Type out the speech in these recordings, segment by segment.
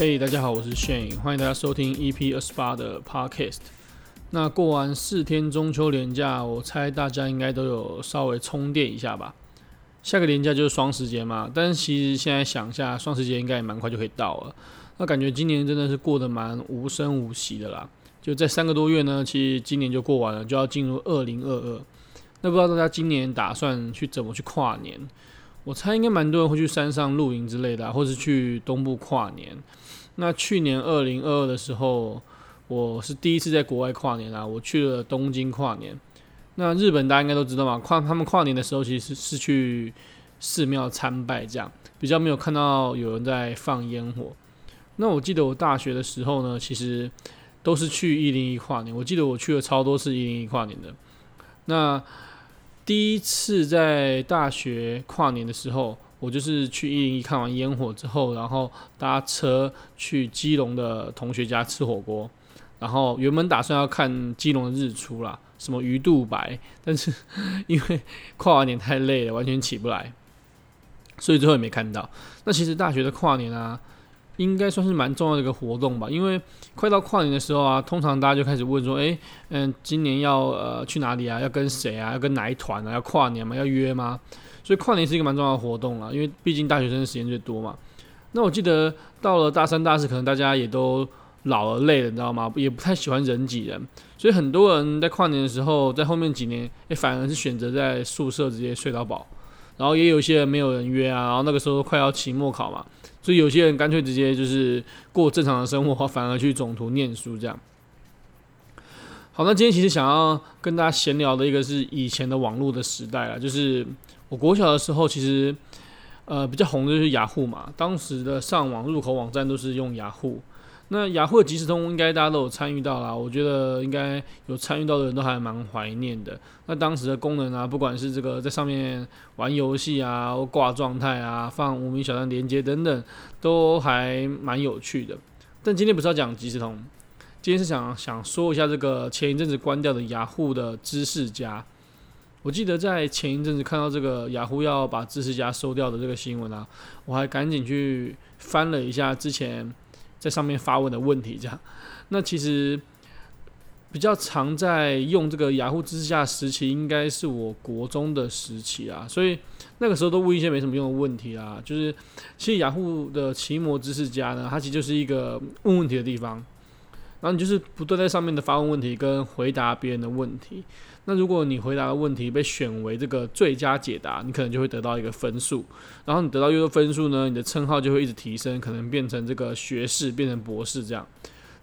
嘿、hey，大家好，我是 Shane，歡迎大家收聽 EP 二十八的 podcast。那過完四天中秋連假，我猜大家應該都有稍微充電一下吧？下個連假就是雙十節嘛，但是其實現在想一下，雙十節應該也蠻快就可以到了。那感覺今年真的是過得蠻無聲無息的啦，就在三個多月呢，其實今年就過完了，就要進入二零二二。那不知道大家今年打算去怎麼去跨年？我猜應該蠻多人會去山上露營之類的，啊，或是去東部跨年。那去年二零二二的時候，我是第一次在國外跨年啦，啊，我去了東京跨年。那日本大家應該都知道嘛，跨他們跨年的時候其實是，是去寺廟參拜這樣，比較沒有看到有人在放煙火。那我記得我大學的時候呢，其實都是去一零一跨年，我記得我去了超多次一零一跨年的。那第一次在大學跨年的時候，我就是去一零一看完煙火之後，然後搭車去基隆的同學家吃火鍋，然後原本打算要看基隆的日出啦，什麼魚肚白，但是因為跨完年太累了，完全起不來，所以最後也沒看到。那其實大學的跨年啊。應該算是蠻重要的一個活動吧，因為快到跨年的時候啊，通常大家就開始問說，哎，嗯，今年要呃去哪裡啊？要跟誰啊？要跟哪一團啊？要跨年嗎？要約嗎？所以跨年是一個蠻重要的活動啊，因為畢竟大學生的時間最多嘛。那我記得到了大三、大四，可能大家也都老了累了，你知道嗎？也不太喜歡人擠人，所以很多人在跨年的時候，在後面幾年，哎，反而是選擇在宿舍直接睡到飽。然後也有一些人沒有人約啊，然後那個時候快要期末考嘛，所以有些人乾脆直接就是過正常的生活，反而去總圖念書這樣。好，那今天其實想要跟大家閒聊的一個是以前的網絡的時代了，就是我國小的時候其實，呃比較紅的就是雅虎嘛，當時的上網入口網站都是用雅虎。那雅虎的即時通應該大家都有參與到啦，我覺得應該有參與到的人都還蠻懷念的。那當時的功能啊，不管是這個在上面玩遊戲啊，或掛狀態啊，放無名小站連接等等，都還蠻有趣的。但今天不是要講即時通，今天是想想說一下這個前一陣子關掉的雅虎的知識家。我記得在前一陣子看到這個雅虎要把知識家收掉的這個新聞啊，我還趕緊去翻了一下之前。在上面發問的問題，這樣，那其實比較常在用這個雅虎知識家時期，應該是我國中的時期啊，所以那個時候都問一些沒什麼用的問題啊，就是其實雅虎的奇摩知識家呢，它其實就是一個問問題的地方。然後你就是不斷在上面的發問問題跟回答別人的問題。那如果你回答的問題被選為這個最佳解答，你可能就會得到一個分數。然後你得到越多分數呢，你的稱號就會一直提升，可能變成這個學士，變成博士這樣。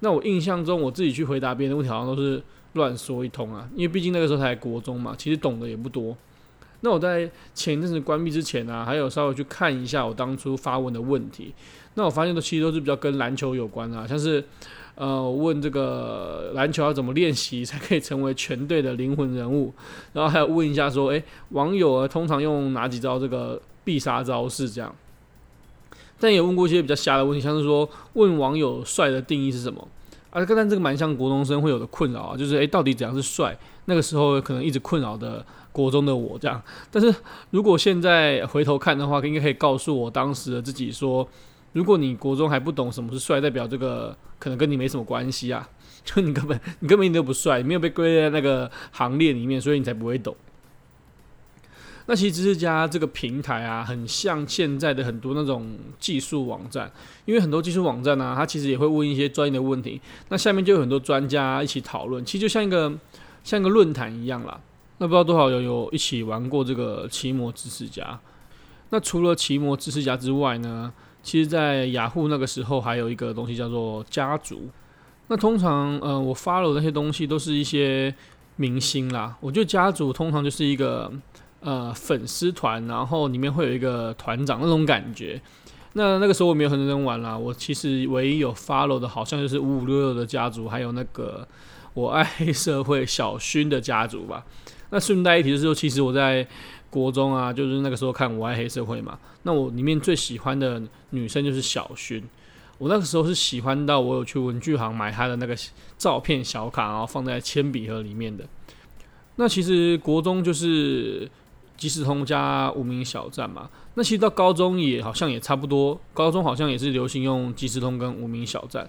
那我印象中，我自己去回答別人的問題好像都是亂說一通啊，因為畢竟那個時候才國中嘛，其實懂的也不多。那我在前陣子關閉之前啊，還有稍微去看一下我當初發問的問題。那我發現的其實都是比較跟籃球有關啊，像是呃問這個籃球要怎麼練習才可以成為全隊的靈魂人物，然後還有問一下說，誒、欸，網友啊通常用哪幾招這個必殺招式這樣？但也問過一些比較瞎的問題，像是說問網友帥的定義是什麼？啊，剛才這個蠻像國中生會有的困擾啊，就是誒、欸，到底怎樣是帥？那個時候可能一直困擾的。國中的我這樣，但是如果現在回頭看的話，應該可以告訴我當時的自己說：如果你國中還不懂什麼是帥，代表這個可能跟你沒什麼關係啊，就你根本你根本你都不帥，沒有被歸類在那個行列裡面，所以你才不會懂。那其實知識＋這個平台啊，很像現在的很多那種技術網站，因為很多技術網站呢，它其實也會問一些專業的問題，那下面就有很多專家一起討論，其實就像一個像一個論壇一樣啦。那不知道多少人有，有一起玩過這個奇摩知識家？那除了奇摩知識家之外呢？其實，在雅虎那個時候，還有一個東西叫做家族。那通常，呃，我 follow 的那些東西都是一些明星啦。我覺得家族通常就是一個呃粉絲團，然後裡面會有一個團長那種感覺。那那個時候我沒有很認真玩啦。我其實唯一有 follow 的，好像就是五五六六的家族，還有那個我愛黑澀會小薰的家族吧。那順帶一提的時候，其實我在國中啊，就是那個時候看《我愛黑社會》嘛，那我裡面最喜歡的女生就是小薰。我那個時候是喜歡到我有去文具行買她的那個照片小卡，然後放在鉛筆盒裡面的。那其實國中就是即時通加無名小站嘛。那其實到高中也好像也差不多，高中好像也是流行用即時通跟無名小站。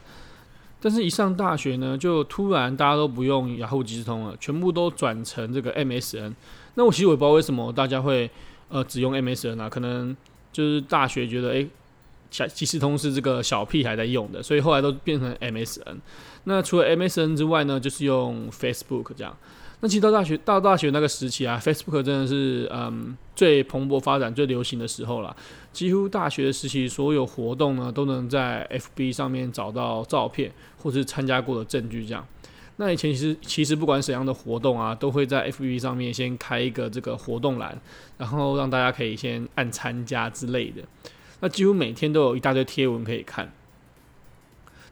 但是，一上大學呢，就突然大家都不用雅虎即時通了，全部都轉成這個 MSN。那我其實也不知道為什麼大家會呃只用 MSN 啊，可能就是大學覺得欸，即時通是這個小屁孩在用的，所以後來都變成 MSN。那除了 MSN 之外呢，就是用 Facebook 這樣。那其實到大學到大學那個時期啊，Facebook 真的是嗯最蓬勃發展、最流行的時候啦，幾乎大學時期所有活動呢，都能在 FB 上面找到照片或是參加過的證據這樣。那以前其實其實不管什麼樣的活動啊，都會在 FB 上面先開一個這個活動欄，然後讓大家可以先按參加之類的。那幾乎每天都有一大堆貼文可以看。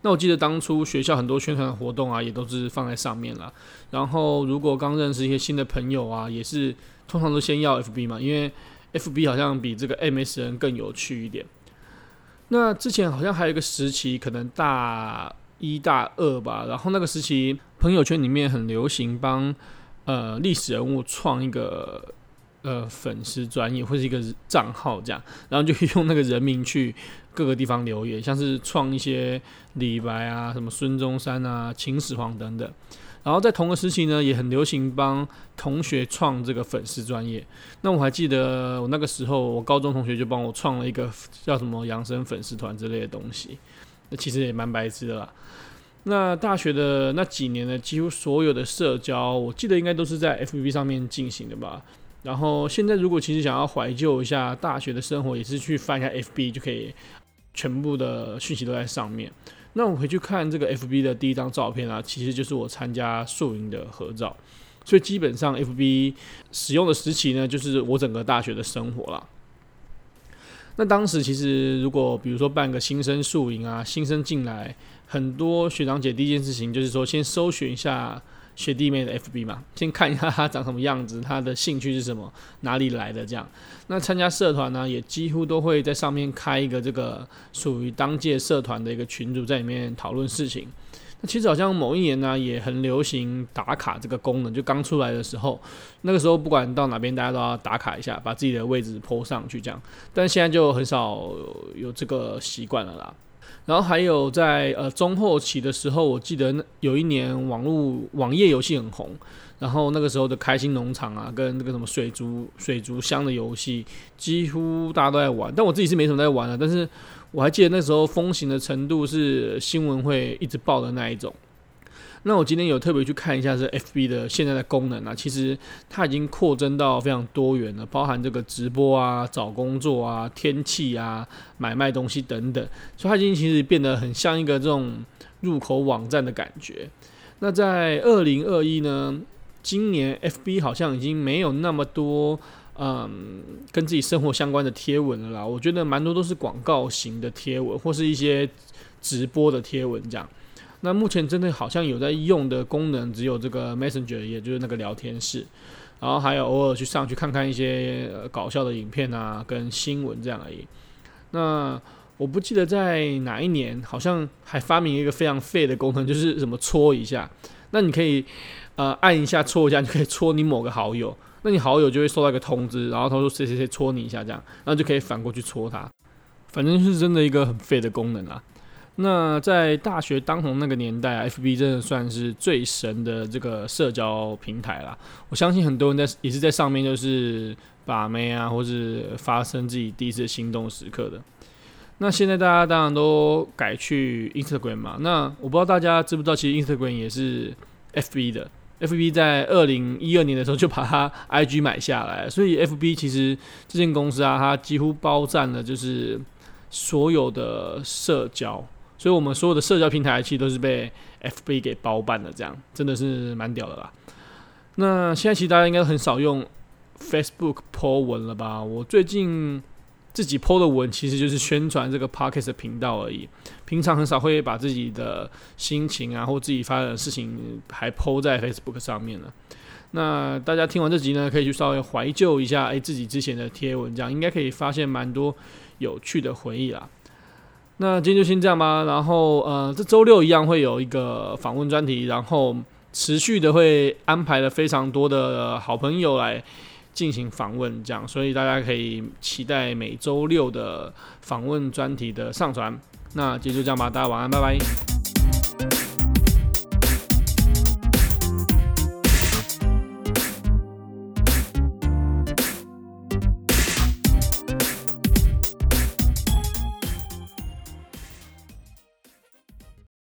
那我記得當初學校很多宣傳活動啊，也都是放在上面了。然後如果剛認識一些新的朋友啊，也是通常都先要 FB 嘛，因為 FB 好像比這個 MSN 更有趣一點。那之前好像還有一個時期，可能大一大二吧，然後那個時期朋友圈裡面很流行幫呃歷史人物創一個呃粉絲專業或者是一個賬號這樣，然後就可以用那個人名去，各個地方留言，像是創一些李白啊、什麼孫中山啊、秦始皇等等。然後在同個時期呢，也很流行幫同學創這個粉絲專頁。那我還記得我那個時候，我高中同學就幫我創了一個叫什麼養生粉絲團之類的東西。那其實也蠻白痴的啦。那大學的那幾年呢，幾乎所有的社交，我記得應該都是在 FB 上面進行的吧。然後現在如果其實想要懷舊一下大學的生活，也是去翻一下 FB 就可以。全部的訊息都在上面。那我回去看這個 FB 的第一張照片啊，其實就是我參加宿營的合照。所以基本上 FB 使用的時期呢，就是我整個大學的生活啦。那當時其實如果比如說辦個新生宿營啊，新生進來，很多學長姐第一件事情就是說先搜尋一下。學弟妹的 FB 嘛，先看一下他長什麼樣子，他的興趣是什麼，哪裡來的這樣。那參加社團呢，也幾乎都會在上面開一個這個屬於當屆社團的一個群組，在裡面討論事情。那其實好像某一年呢、啊，也很流行打卡這個功能，就剛出來的時候，那個時候不管到哪邊，大家都要打卡一下，把自己的位置 PO 上去這樣。但現在就很少有這個習慣了啦。然後還有在呃中後期的時候，我記得那有一年網絡網頁遊戲很紅，然後那個時候的開心農場啊，跟那個什麼水族水族箱的遊戲，幾乎大家都在玩。但我自己是沒什麼在玩的，但是我還記得那時候風行的程度是新聞會一直報的那一種。那我今天有特別去看一下這 F B 的現在的功能啊，其實它已經擴增到非常多元了，包含這個直播啊、找工作啊、天氣啊、買賣東西等等，所以它已經其實變得很像一個這種入口網站的感覺。那在二零二一呢，今年 F B 好像已經沒有那麼多嗯跟自己生活相關的貼文了啦，我覺得蠻多都是廣告型的貼文或是一些直播的貼文這樣。那目前真的好像有在用的功能，只有這個 Messenger，也就是那個聊天室，然後還有偶爾去上去看看一些搞笑的影片啊，跟新聞這樣而已。那我不記得在哪一年，好像還發明一個非常廢的功能，就是什麼戳一下。那你可以呃按一下，戳一下，你可以戳你某個好友，那你好友就會收到一個通知，然後他說誰誰誰戳你一下這樣，然後就可以反過去戳他，反正是真的一個很廢的功能啊。那在大學當紅那個年代啊，FB 真的算是最神的這個社交平台啦。我相信很多人在也是在上面，就是把妹啊，或是發生自己第一次心動時刻的。那現在大家當然都改去 Instagram 嘛。那我不知道大家知不知道，其實 Instagram 也是 FB 的。FB 在二零一二年的時候就把它 IG 買下來，所以 FB 其實這間公司啊，它幾乎包占了就是所有的社交。所以，我們所有的社交平台其實都是被 FB 給包辦的，這樣真的是蠻屌的啦。那現在其實大家應該很少用 Facebook Po 文了吧？我最近自己 Po 的文其實就是宣傳這個 Podcast 頻道而已，平常很少會把自己的心情啊或自己發生的事情還 Po 在 Facebook 上面了。那大家聽完這集呢，可以去稍微懷舊一下，哎、欸，自己之前的貼文，這樣應該可以發現蠻多有趣的回憶啦。那今天就先這樣吧，然後呃，這週六一樣會有一個訪問專題，然後持續的會安排了非常多的好朋友來進行訪問，這樣，所以大家可以期待每週六的訪問專題的上傳。那今天就這樣吧，大家晚安，拜拜。